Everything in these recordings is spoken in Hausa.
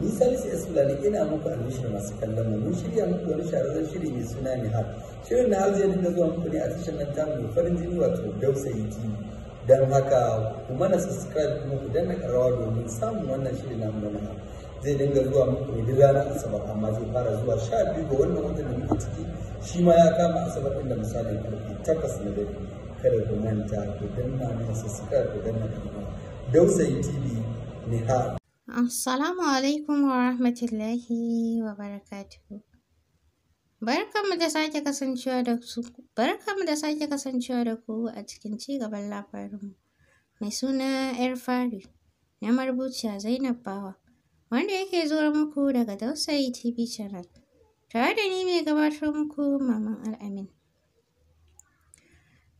ni salisu ya sulani ina muku albishir masu kallon mu mun shirya muku wani shahararren shiri mai suna har shirin na har zai dinga zuwa muku ne a tashar nan tamu farin jini wato dausayi tv don haka ku mana subscribe kuma ku danna karawa domin samun wannan shiri na mu na zai dinga zuwa muku ne duk ranar asabar amma zai fara zuwa sha biyu ga wannan watan da muke ciki shi ma ya kama asabar ɗin da misalin karfe takwas na dare kada ku manta ku danna mana subscribe ku danna karawa dausayi ni har Assalamu alaikum wa rahmatullahi wa barakatuhu. Barkanmu da sake kasancewa da su, barkanmu da sake kasancewa da ku a cikin ci gaban labarinmu. Mai suna ‘yar fari na marubuciya Zainab Bawa, wanda yake zuwa muku daga Dausayi TV channel, tare da ni mai gabatar muku Maman Al'amin.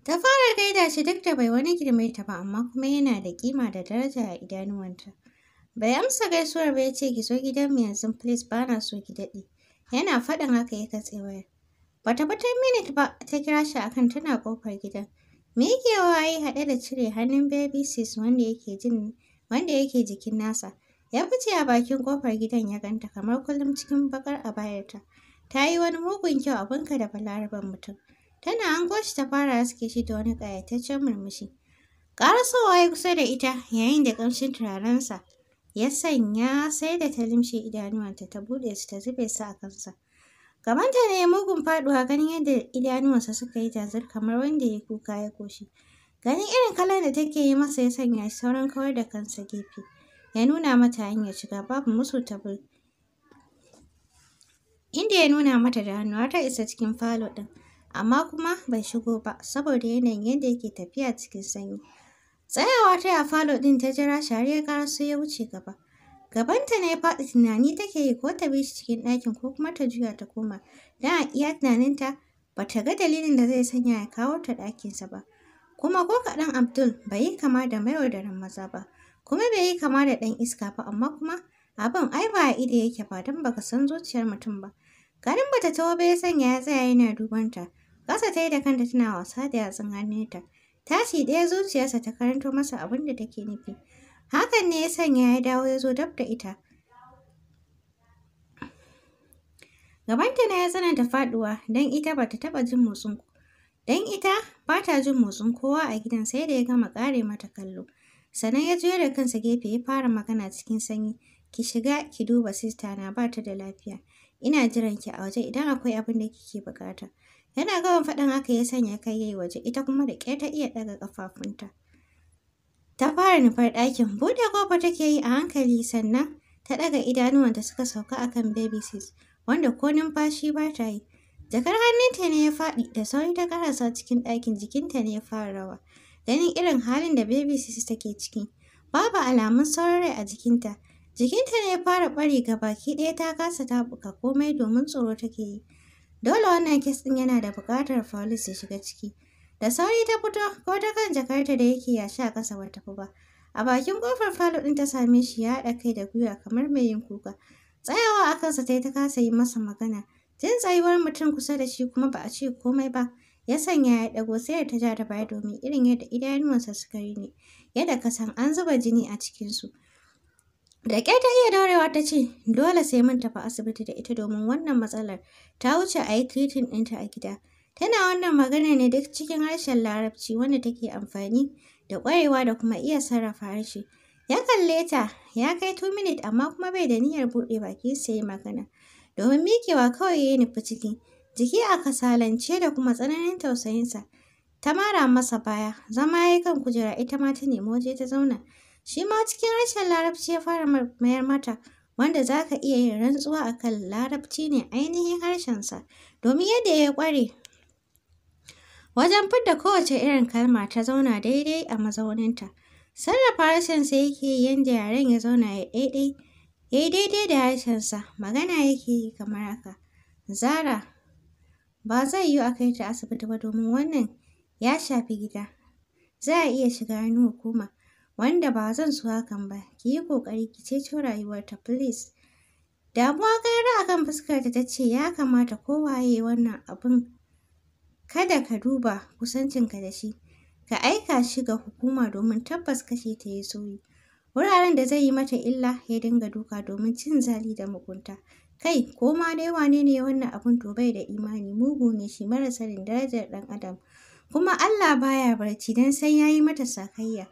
Ta fara gaida shi duk da bai wani girmaita ba, amma kuma yana da kima da daraja a idanuwanta. Bai amsa gaisuwar ba ya ce ki zo gidan mu yanzu please ba na so ki daɗe. Yana faɗin haka ya katse wayar. Bata ta ta minit ba ta kira shi akan tana ƙofar gidan. yake ya haɗe da cire hannun baby sis wanda yake jin wanda yake jikin nasa. Ya fice a bakin ƙofar gidan ya ganta kamar kullum cikin bakar bayarta. Ta yi wani mugun kyau abinka da balaraban mutum. Tana an shi ta fara haske shi da wani ƙayataccen murmushi. Ƙarasowa ya kusa da ita yayin da ƙamshin turarensa ya sanya sai da ta limshe idanuwanta ta buɗe su ta zube su a kansa. Gabanta ne mugun faɗuwa ganin yadda idanuwansa suka yi jazir kamar wanda ya kuka ya koshi. Ganin irin kalan da take yi masa ya sanya shi sauran kawar da kansa gefe. Ya nuna mata hanyar shiga babu musu ta bi. Inda ya nuna mata da hannu har ta isa cikin falo ɗin. Amma kuma bai shigo ba saboda yanayin yadda yake tafiya cikin sanyi. Tsayawa ta yi a falo ɗin ta jira shi har ya ya wuce gaba. Gabanta ne ya faɗi tunani take yi ko ta bi shi cikin ɗakin ko kuma ta juya ta koma. Don a iya tunaninta ba ta ga dalilin da zai sanya ya kawo ta ɗakinsa ba. Kuma ko kaɗan Abdul bai yi kama da maiwadarin maza ba. Kuma bai yi kama da ɗan iska ba amma kuma abin ai ba a ido yake ba don baka san zuciyar mutum ba. Garin bata ta taho ya sanya ya tsaya yana dubanta. ta. Kasa ta yi da kanta tana wasa da yatsun hannunta. Tashi ɗaya zuciyarsa ta karanto masa abin da take nufi. Hakan ne ya sanya ya dawo ya zo dab da ita. Gabanta na ya tsananta faɗuwa don ita ba ta taɓa jin motsin Don ita ba ta jin motsin kowa a gidan sai da ya gama kare mata kallo. Sannan ya juya da kansa gefe ya fara magana cikin sanyi. Ki shiga ki duba sista na ba ta da lafiya. Ina jiran ki a waje idan akwai abin da kike buƙata. Yana gawan faɗin haka ya sanya kai yayi waje ita kuma da ƙyar ta iya ɗaga ƙafafunta. Ta fara nufar ɗakin, buɗe ƙofa take yi a hankali sannan ta ɗaga idanuwanta suka sauka akan baby sis wanda ko numfashi ba ta yi. Jakar hannunta ne ya faɗi da sauri ta karasa cikin ɗakin jikinta ne ya fara rawa. Ganin irin halin da baby take ciki, babu alamun sauran rai a jikinta. Jikinta ne ya fara ɓari ga baki ɗaya ta kasa taɓuka komai domin tsoro take yi. Dole wannan kes ɗin yana da buƙatar faulis ya shiga ciki. Da sauri ta fito ko ta kan jakarta da yake ya a kasa ba tafi ba. A bakin kofar falo ɗin ta same shi ya haɗa kai da gwiwa kamar mai yin kuka. Tsayawa a kansa ta yi ta kasa yi masa magana. Jin tsayuwar mutum kusa da shi kuma ba a ce komai ba. Ya sanya ya ɗago sai ta ja da baya domin irin yadda idanuwansa suka yi ne. Yadda kasan, an zuba jini a cikinsu. Da ƙyar ta iya daurewa ta ce, dole sai mun tafi asibiti da ita domin wannan matsalar ta wuce a yi treating ɗinta a gida. Tana wannan magana ne duk cikin harshen Larabci wanda take amfani da ƙwarewa da kuma iya sarrafa harshe. Ya kalle ta, ya kai "two minutes amma kuma bai da niyyar buɗe baki sai yi magana. Domin miƙewa kawai ya nufi ciki, jiki a kasalance da kuma tsananin tausayinsa. Ta mara masa baya, zama ya yi kan kujera ita ma ta nemi waje ta zauna. Shi ma cikin rashin larabci ya fara mayar mata, wanda za ka iya yin rantsuwa a kan larabci ne ainihin harshensa, domin yadda ya ƙware wajen fidda kowace irin kalma ta zauna daidai a mazauninta. Sarrafa harshensa yake yadda yaren ya zauna ya daidai, ya daidai da harshensa, magana yake yi kamar haka. Zara, ba zai yiwu a kai ta asibiti ba domin wannan ya shafi gida. Za a iya shiga hannu hukuma. wanda ba zan so hakan ba ki yi ƙoƙari ki ceto rayuwarta please damuwa a kan fuskarta ta ce ya kamata kowaye wannan abin kada ka duba kusancinka da shi ka aika shi ga hukuma domin tabbas kashe ta yi soyi wuraren da zai yi mata illa ya dinga duka domin cin zali da mugunta kai ko ma dai wane ne wannan abun to bai da imani mugu ne shi mara sanin darajar dan adam kuma Allah baya barci dan sai yi mata sakayya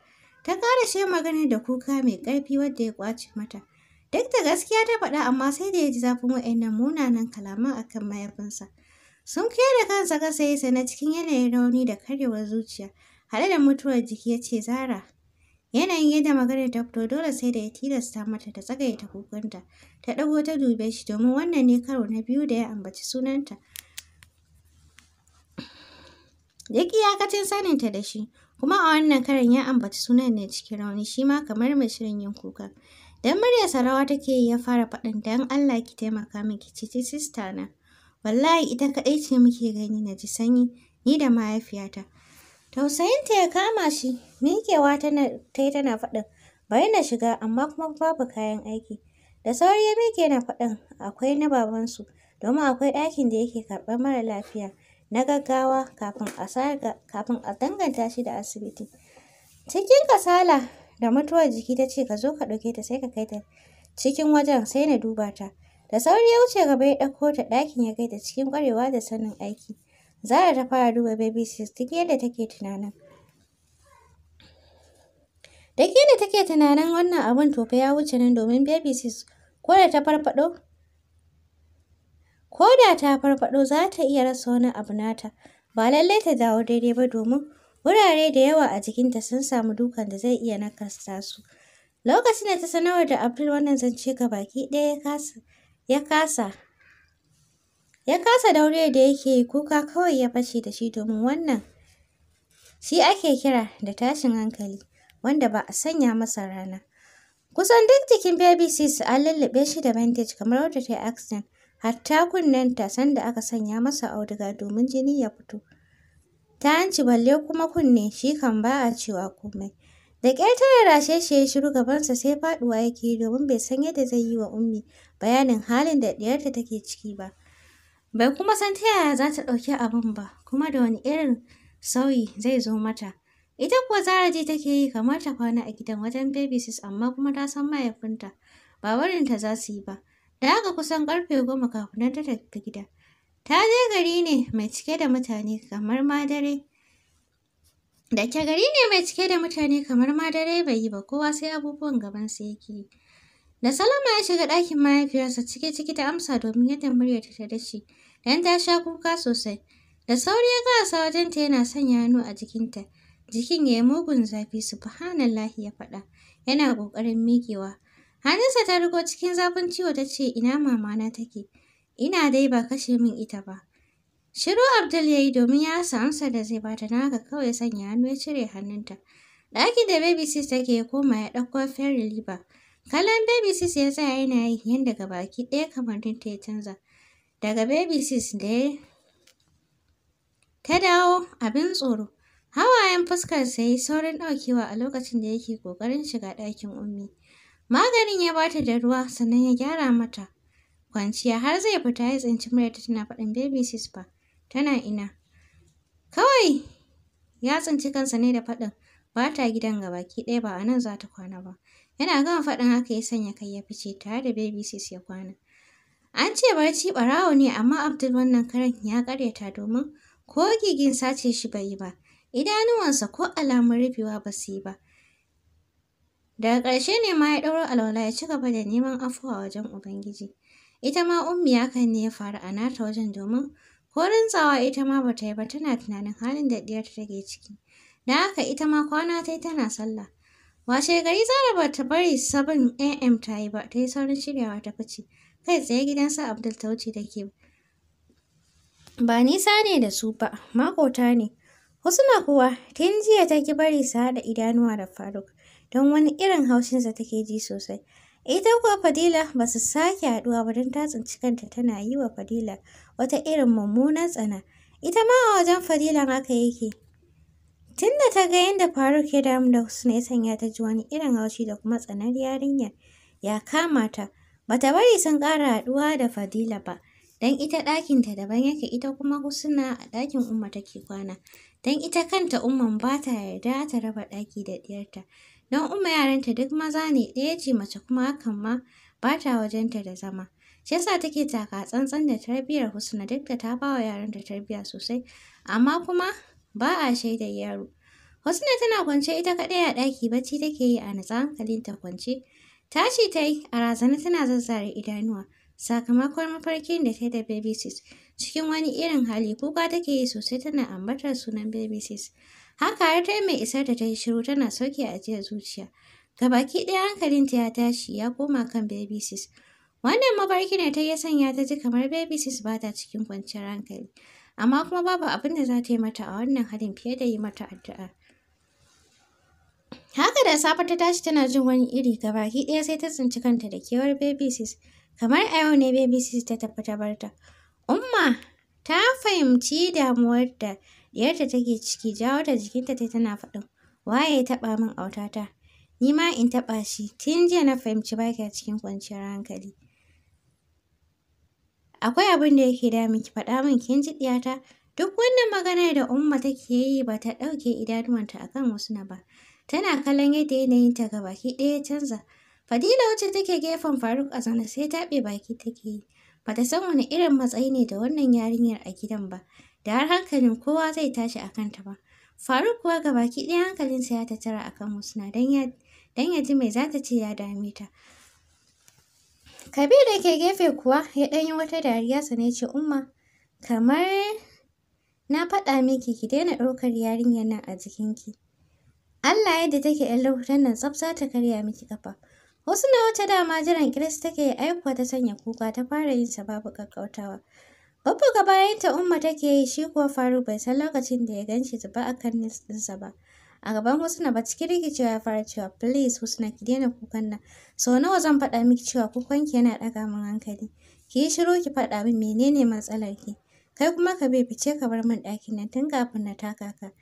Ta ƙara shi magana da kuka mai ƙarfi wadda ya ƙwace mata. Duk da gaskiya ta faɗa amma sai da ya ji zafin wa'annan munanan kalaman a kan mahaifinsa. Sun kuyar da kansa ƙasa ya sana cikin yanayin rauni da karyewar zuciya, haɗe da mutuwar jiki ya ce Zara. Yanayin yadda maganar ta fito dole sai da ya tilasta mata ta ta kukunta. Ta ɗago ta dube shi domin wannan ne karo na biyu da ya ambaci sunanta. Duk iyakacin saninta da shi, Kuma a wannan karin ya ambaci sunan ne cikin rauni shi ma kamar mai shirin yin kuka. Dan muryarsa rawa take yi ya fara faɗin dan Allah ki taimaka min ki cici sista na. Wallahi ita kaɗai ce muke gani na ji sanyi ni da mahaifiyata. Tausayinta ya kama shi, miƙewa ta yi tana faɗin bari na shiga amma kuma babu kayan aiki. Da sauri ya miƙe na faɗin akwai na babansu domin akwai ɗakin da yake karɓar mara lafiya. na gaggawa kafin a danganta shi da asibiti. Cikin kasala da mutuwar jiki ta ce ka zo ka ɗauke ta sai ka kai ta cikin wajen sai na duba ta. Da sauri ya wuce gaba ya ɗauko ta ɗakin ya kai ta cikin ƙwarewa da sanin aiki. Zara ta fara duba baby sis duk yadda take tunanin. Duk yadda take tunanin wannan abun tofa ya wuce nan domin baby sis ko da ta farfaɗo Ko da ta farfaɗo za ta iya rasa wani abu nata, ba lallai ta dawo daidai ba domin wurare da yawa a jikinta sun samu dukan da zai iya nakasta su. Lokacin da ta sanarwa da Abdul wannan zance ga baki ɗaya ya kasa. Ya kasa daure da yake kuka kawai ya fashe da shi domin wannan shi ake kira da tashin hankali wanda ba a sanya masa rana. Kusan duk jikin BBC su an lulluɓe shi da bandage kamar wadda ta yi accident hatta ta sanda aka sanya masa auduga domin jini ya fito. Ta hanci balle kuma kunne shi kan ba a cewa komai. Da ƙyar ta rashe shi ya shiru gabansa sai faɗuwa yake domin bai san yadda zai yi wa ummi bayanin halin da ɗiyarta take ciki ba. Bai kuma san ta yaya za ta ɗauki abin ba, kuma da wani irin sauyi zai zo mata. Ita kuwa Zara ji take yi kamar ta kwana a gidan wajen babysis amma kuma ta san mahaifinta ba ta za su yi ba. Da aka kusan ƙarfe goma kafin ta tafi gida. Ta je gari ne mai cike da mutane kamar ma Da ke gari ne mai cike da mutane kamar ma bai yi ba kowa sai abubuwan gaban sa yake yi. Da Salama ya shiga ɗakin mahaifiyarsa cike ciki ta amsa domin yadda muryarta ta dace, dan ta sha kuka sosai. Da sauri ya karasa wajenta yana sanya hannu a jikinta. Jikin ya yi mugun zafi subhanallahi ya faɗa. Yana ƙoƙarin miƙewa. Hannunsa ta rigo cikin zafin ciwo ta ce, Ina mamana take, ina dai ba kashe min ita ba. Shiru Abdul ya yi domin ya rasa amsa da zai bata na haka kawai sanya hannu ya cire hannunta. Ɗakin da baby sis take ya koma ya ɗauko fairy liver. Kallon baby sis ya tsaya yana yi yadda ga baki ɗaya kamar ta ya canza. Daga baby sis da ya ta dawo abin tsoro. Hawayen fuskarsa ya saurin ɗaukewa a lokacin da yake ƙoƙarin shiga ɗakin ummi. Maganin ya bata da ruwa sannan ya gyara mata. Kwanciya har zai fita ya tsinci muryarta tana faɗin baby sister tana ina. Kawai ya tsinci kansa ne da faɗin 'bata ta gidan ki ɗaya ba a nan za ta kwana ba. Yana gama faɗin haka ya sanya kai ya fice tare da baby sister ya kwana. An ce barci ɓarawo ne amma Abdul wannan karen ya karyata, domin ko gigin sace shi bai yi ba. Idanuwansa ko alamun rufewa ba su yi ba. Daga ƙarshe ne ma ya ɗaura alwala ya ci gaba da neman afuwa wajen Ubangiji. Ita ma ummi kan ne ya faru a nata wajen domin ko rintsawa, ita ma ba ta yi ba tana tunanin halin da ɗiyarta take ciki. Da haka ita ma kwana ta yi tana sallah. Washe gari Zara ba ta bari sabon AM ta yi ba ta yi saurin shiryawa ta fice. Kai tsaye gidan sa Abdul ta wuce da ke. Ba nisa ne da su ba, makota ne. na kuwa, tun jiya ta ki bari su haɗa idanuwa da Faruk. don wani irin haushinsa take ji sosai. Ita kuwa Fadila ba su sake haɗuwa ba don ta tsinci kanta tana yi wa Fadila wata irin mummunan tsana. Ita ma a wajen Fadilan haka yake. Tun da ta ga yadda Faruk ya damu da Husna ya sanya ta ji wani irin haushi da kuma tsanar yarinyar ya kama ta. Bata bari sun ƙara haɗuwa da Fadila ba. Don ita ɗakinta daban yake ita kuma Husna a ɗakin Umma take kwana. dan ita kanta Umman ba ta yarda ta raba ɗaki da ɗiyarta. Don Umma yaranta duk maza ne, ɗaya ce mace kuma hakan ma ba ta wajenta da zama. Shi yasa take taka tsantsan da tarbiyyar Husna duk da ta ba wa yaranta tarbiyya sosai, amma kuma ba a shaidar yaro. Husna tana kwance ita kaɗai a ɗaki bacci take yi a natsa ta kwance. Tashi ta yi a razana tana zazzare idanuwa sakamakon mafarkin da ta da baby Cikin wani irin hali kuka take yi sosai tana ambatar sunan baby Haka har ta mai isar da ta yi shiru tana sauke jiya zuciya. Gabaki ɗaya hankalinta ya tashi ya koma kan baby sis. Wannan mabarki ne ta ya sanya ta ji kamar baby sis ba ta cikin kwanciyar hankali. Amma kuma babu abin da za ta yi mata a wannan halin fiye da yi mata addu'a. Haka da safe ta tashi tana jin wani iri gabaki ɗaya sai ta tsinci kanta da kewar baby Kamar a yau ne baby ta tafi ta barta. Umma ta fahimci damuwar da Diyarta take ciki jawo da jikinta ta tana faɗin waye ya taɓa min autata ni ma in taɓa shi tun jiya na fahimci ba ka cikin kwanciyar hankali. Akwai abin da yake damun ki faɗa min kin ji diyata duk wannan maganar da Umma take yi ba ta ɗauke idanuwanta akan wasu na ba. Tana kallon yadda ta ga baki ɗaya ya canza. Fadila wacce take gefen Faruk a zaune sai taɓe baki take yi. Ba ta san wani irin matsayi ne da wannan yarinyar a gidan ba. da har hankalin kowa zai tashi a kanta ba. Faruk kuwa ga baki ɗaya hankalinsa ya tattara a kan Husna don ya ji mai za ta ce ya dame ta. Kabiru da ke gefe kuwa ya ɗan wata dariya sane ce Umma, kamar na faɗa miki ki daina ɗaukar yarinyar nan a jikinki. Allah yadda take ‘yan lokutan nan tsaf ta karya miki kafa. Wasu na wata dama jiran Kiris take aikuwa ta sanya kuka ta fara yin sa babu ƙaƙƙautawa. gaba bayanta Umma take yi shi kuwa Faruk bai san lokacin da ya gan shi zuba a kan nis ɗinsa ba. A gaban Husna ba cikin rikicewa ya fara cewa please Husna ki daina kukan nan. So nawa zan faɗa miki cewa kukan ki yana ɗaga min hankali. Ki yi shiru ki faɗa min menene matsalar ki. Kai kuma ka bai fice ka bar min ɗakin nan tun kafin na taka ka.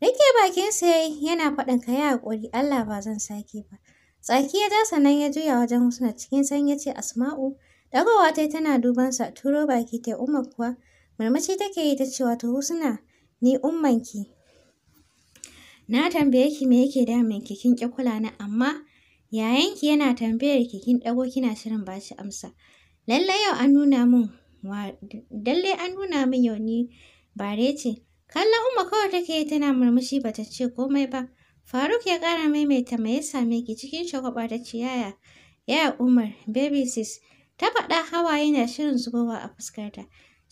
Rike sa yayi yana faɗin ka yi haƙuri Allah ba zan sake ba. Tsaki ya dasa nan ya juya wajen Husna cikin san ya ce Asma'u Dagowa ta tana duban sa, turo baki ta umma kuwa murmushi take yi ta ce wato Husna ni ummanki. Na tambaye ki me yake damun ki kin ki kula na amma yayanki yana tambayar ki kin dago kina shirin ba shi amsa. Lalle yau an nuna min dalle an nuna min yau ni bare ce. Kallon umma kawai take yi tana murmushi bata ce komai ba. Faruk ya ƙara maimaita me ya same ki cikin shagwaba ta ce yaya. Yaya Umar, baby sis, Ta faɗa hawaye na shirin zubowa a fuskarta.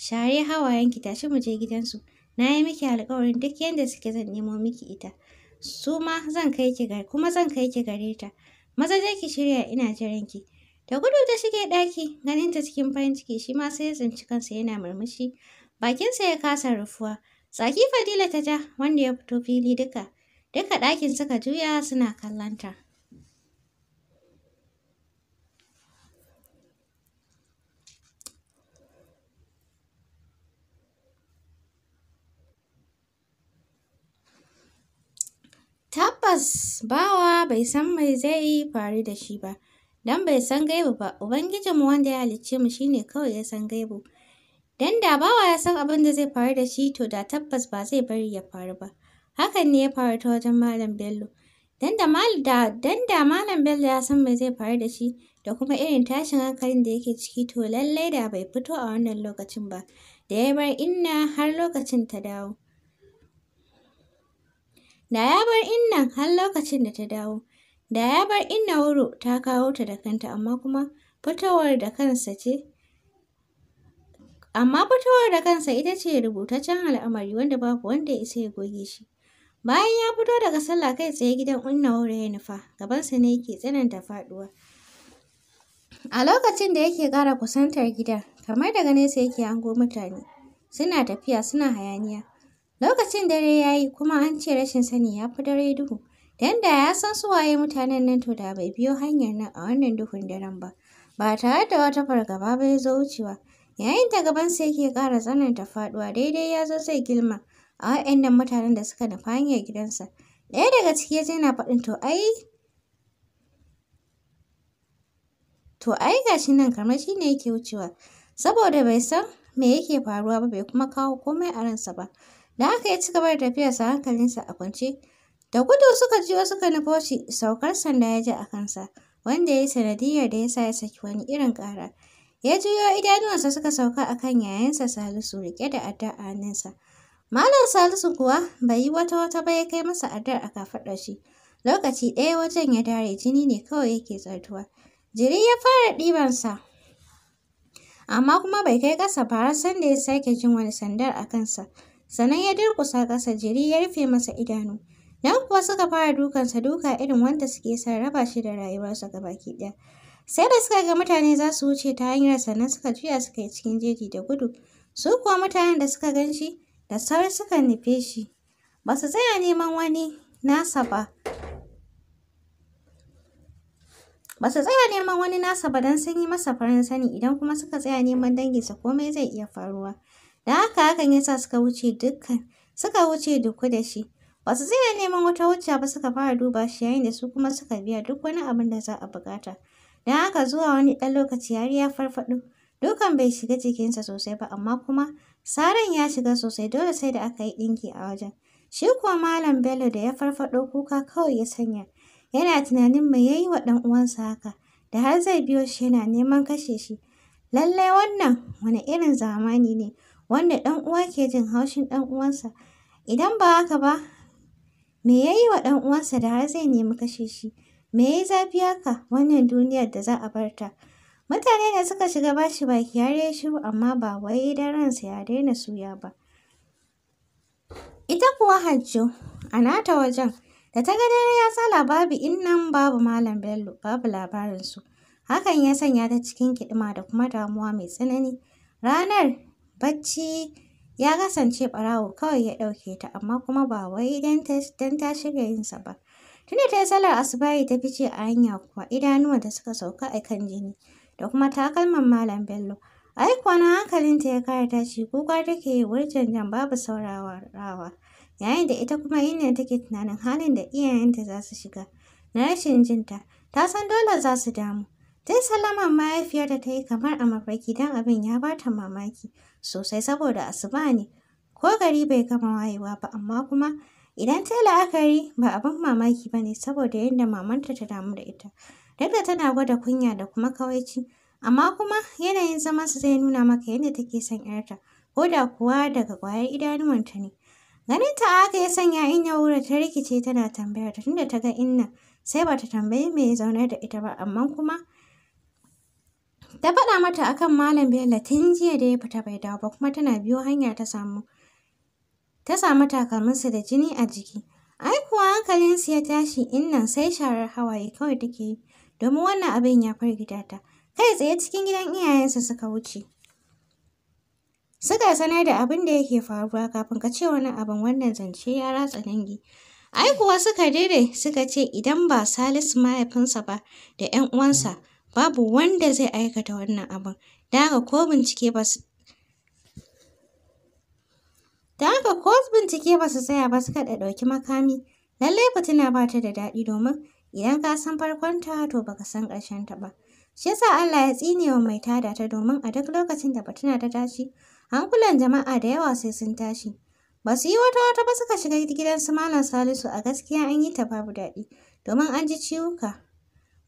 Share hawayenki tashi mu je gidansu. Na yi miki alƙawarin duk yadda suke zan nemo miki ita. Su ma zan kai ki gare kuma zan kai ki gare ta. Maza je ki shirya ina jiran ki. Da gudu ta shige ɗaki ganin ta cikin farin ciki shi ma sai ya kansa yana murmushi. Bakinsa ya kasa rufuwa. Tsaki Fadila ta ja wanda ya fito fili duka. Duka ɗakin suka juya suna kallonta. Tabbas bawa bai san mai zai faru da shi ba, don bai san gaibu ba, Ubangijinmu wanda ya halicce mu shine kawai ya san gaibu. Don da bawa ya san abin da zai faru da shi to da tabbas ba zai bari ya faru ba. Hakan ne ya faru ta wajen Malam Bello. Don da Malam Bello ya san mai zai faru da shi da kuma irin tashin hankalin da yake ciki to lallai da bai fito a wannan lokacin ba, da ya bar inna har lokacin ta dawo. Da ya bar innan har lokacin da ta dawo. Da ya bar inna wuro ta kawo ta da kanta amma kuma fitowar da kansa ce. Amma fitowar da kansa ita ce rubutaccen al'amari wanda babu wanda ya isa ya goge shi. Bayan ya fito daga sallah kai tsaye gidan Unna wuro ya nufa, gabansa ne yake tsananta faduwa. A lokacin da yake kara kusantar gidan, kamar daga nesa yake hango mutane, suna tafiya suna hayaniya. Lokacin dare ya yi kuma an ce rashin sani ya fi dare duhu. Danda yadda ya san su waye mutanen nan to da bai biyo hanyar nan a wannan duhun daren ba. Ba tare da wata fargaba ba ya zo wucewa. Yayin da gaban gabansa yake ƙara tsananta faɗuwa daidai ya zo sai gilma a wa'annan mutanen da suka nufa hanyar gidansa. Ɗaya daga ciki ya je yana faɗin to ai to ai gashi nan kamar shi ne yake wucewa saboda bai san me yake faruwa ba bai kuma kawo komai a ransa ba. Da aka ya ci gaba da tafiyarsa hankalinsa a kwance. Da gudu suka ji suka nufo shi, saukar sanda ya ji a kansa, wanda ya yi sanadiyar da ya sa ya saki wani irin ƙara. Ya juyo idanuwansa suka sauka a kan yayansa Salisu riƙe da adda a hannunsa. Malam Salisu kuwa bai yi wata wata ba ya kai masa addar a kafaɗar shi. Lokaci ɗaya wajen ya dare jini ne kawai yake zartuwa Jiri ya fara ɗibansa. Amma kuma bai kai ƙasa ba har sanda ya sake jin wani sandar a kansa. sannan ya durƙusa ƙasa jiri ya rufe masa idanu. Nan kuwa suka fara dukansa duka irin wanda suke sarrafa shi da rayuwarsa gabaki ɗaya. Sai da suka ga mutane za su wuce ta hanyar sannan suka juya suka yi cikin jeji da gudu. Su kuwa mutanen da suka gan shi da sauri suka nufe shi. Ba su tsaya neman wani nasa ba. Ba su tsaya neman wani nasa ba don sun yi masa farin sani idan kuma suka tsaya neman danginsa komai zai iya faruwa. Da haka hakan ya sa suka wuce dukkan suka wuce duku da shi. Ba su neman wata wuce ba suka fara duba shi yayin da su kuma suka biya duk wani abin da za a buƙata. Don haka zuwa wani ɗan lokaci yari ya farfaɗo. Dukan bai shiga jikinsa sosai ba amma kuma saran ya shiga sosai dole sai da aka yi ɗinki a wajen. Shi kuwa Malam Bello da ya farfaɗo kuka kawai ya sanya. Yana tunanin mai yayi wa ɗan uwansa haka da har zai biyo shi yana neman kashe shi. Lallai wannan wani irin zamani ne. wanda ɗan uwa ke jin haushin ɗan uwansa. Idan ba haka ba, me ya yi wa ɗan uwansa da har zai nemi kashe shi? Me ya yi zafi haka wannan duniyar da za a bar ta? Mutane da suka shiga bashi baki har ya shiru amma ba wai don ransa ya daina suya ba. Ita kuwa Hajjo, a nata wajen, da ta ga dare ya tsala babu innan babu Malam Bello, babu labarinsu. Hakan ya sanya ta cikin kiɗima da kuma damuwa mai tsanani. Ranar Bacci ya kasance ɓarawo kawai ya ɗauke ta amma kuma ba wai don ta shirya yin sa ba. Tunda ta yi sallar asubahi ta fice a hanya kuwa idanuwan da suka sauka a kan jini da kuma takalman Malam Bello. Ai kuwa na hankalinta ya kara tashi kuka take yi wurjan jan babu saurarawa. Yayin da ita kuma inda take tunanin halin da iyayenta za su shiga na rashin jinta. Ta san dole za su damu. Zai salama mahaifiyarta ta yi kamar a mafarki don abin ya ba ta mamaki sosai saboda asuba ne. Ko gari bai gama wayewa ba amma kuma idan ta yi la'akari ba abin mamaki ba ne saboda yadda mamanta ta damu da ita. Duk da tana gwada kunya da kuma kawaici amma kuma yanayin su zai nuna maka yadda take son 'yarta ko da kuwa daga ƙwayar idanuwanta ne. Ganin ta haka ya sanya in wura ta rikice tana tambayar ta tunda ta ga inna sai ba ta tambayi mai zaunar da ita ba amma kuma Ta faɗa mata akan Malam Bello tun jiya da ya fita bai dawo ba kuma tana biyo hanya ta samu. Ta samu takalminsa da jini a jiki. Ai kuwa hankalinsu ya tashi innan sai sharar hawaye kawai take yi domin wannan abin ya firgita ta. Kai tsaye cikin gidan iyayensa suka wuce. Suka sanar da abin da yake faruwa kafin ka ce wani abin wannan zance ya ratsa dangi. Ai kuwa suka daidai suka ce idan ba Salisu mahaifinsa ba da ‘yan uwansa. babu wanda zai aikata wannan abin. Da haka ko bincike ba su Da haka ko bincike ba su tsaya ba suka da ɗauki makami. Lallai fitina ba ta da daɗi domin idan ka san farkonta to baka san ta ba. Shi yasa Allah ya tsine wa mai tada ta domin a duk lokacin da fitina ta tashi, hankulan jama'a da yawa sai sun tashi. Ba su yi wata wata ba suka shiga gidan su Malam Salisu a gaskiya an yi ta babu daɗi domin an ji ciwuka.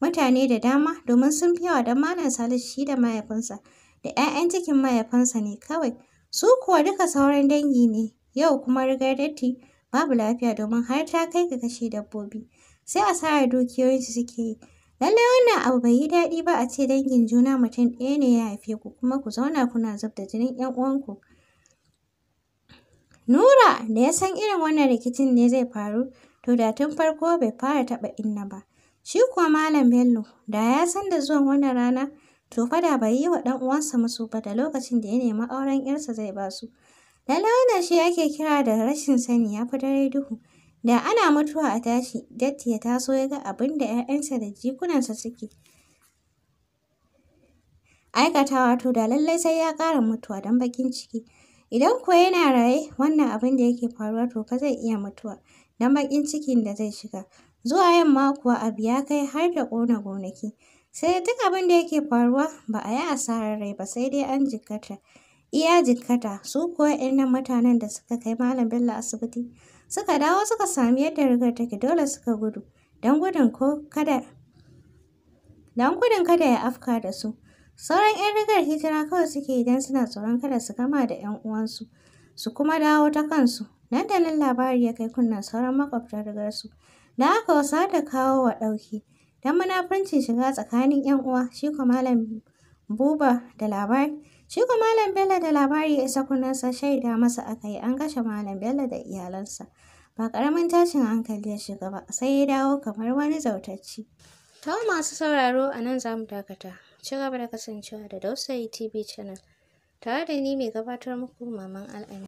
mutane da dama domin sun fi yawa don Malam Salisu shi da mahaifinsa da 'ya'yan cikin mahaifinsa ne kawai. Su kuwa duka sauran dangi ne, yau kuma rigar datti babu lafiya domin har ta kai ga kashe dabbobi. Sai a asarar dukiyoyinsu suke yi. Lallai wannan abu bai yi daɗi ba a ce dangin juna mutum ɗaya ne ya haife ku kuma ku zauna kuna zub da jinin 'yan uwanku. Nura da ya san irin wannan rikicin ne zai faru, to da tun farko bai fara taɓa inna ba. Shi kuwa Malam Bello da ya san da zuwan wannan rana, to fa da bai yi wa ɗan uwansa musu ba da lokacin da ya nemi auren 'yarsa zai ba su. Lallai wannan shi ake kira da rashin sani ya fi dare duhu. Da ana mutuwa a tashi, Datti ya taso ya ga abin da 'ya'yansa da jikunansa suke aikatawa to da lallai sai ya ƙara mutuwa don bakin ciki. Idan kuwa yana raye, wannan abin da yake faruwa to fa zai iya mutuwa don baƙin cikin da zai shiga. Zuwa yamma kuwa abu ya kai har da ƙona gonaki. Sai duk abin da yake faruwa ba a yi asarar rai ba sai dai an jikkata. Iya jikkata su kuwa nan mutanen da suka kai Malam Bello asibiti suka dawo suka sami yadda rigar take dole suka gudu don gudun kada ya afka da su. Sauran 'yan rigar hijira kawai suke idan suna tsoron kada su gama da 'yan uwansu su kuma dawo ta kansu. Nan da nan labari ya kai kunnen sauran makwabtan rigarsu. Da haka wasa da kawo wa ɗauki. Don munafuncin shiga tsakanin 'yan uwa, shi ko Malam Buba da labari. Shi Malam Bello da labari ya isa kunnensa shaida masa aka yi an kashe Malam Bello da iyalansa. Ba ƙaramin tashin hankali ya shiga ba, sai ya dawo kamar wani zautacci. Ta masu sauraro a nan za mu dakata. Ci gaba da kasancewa da Dausayi TV Channel. Tare da ni mai gabatar muku Maman al'ami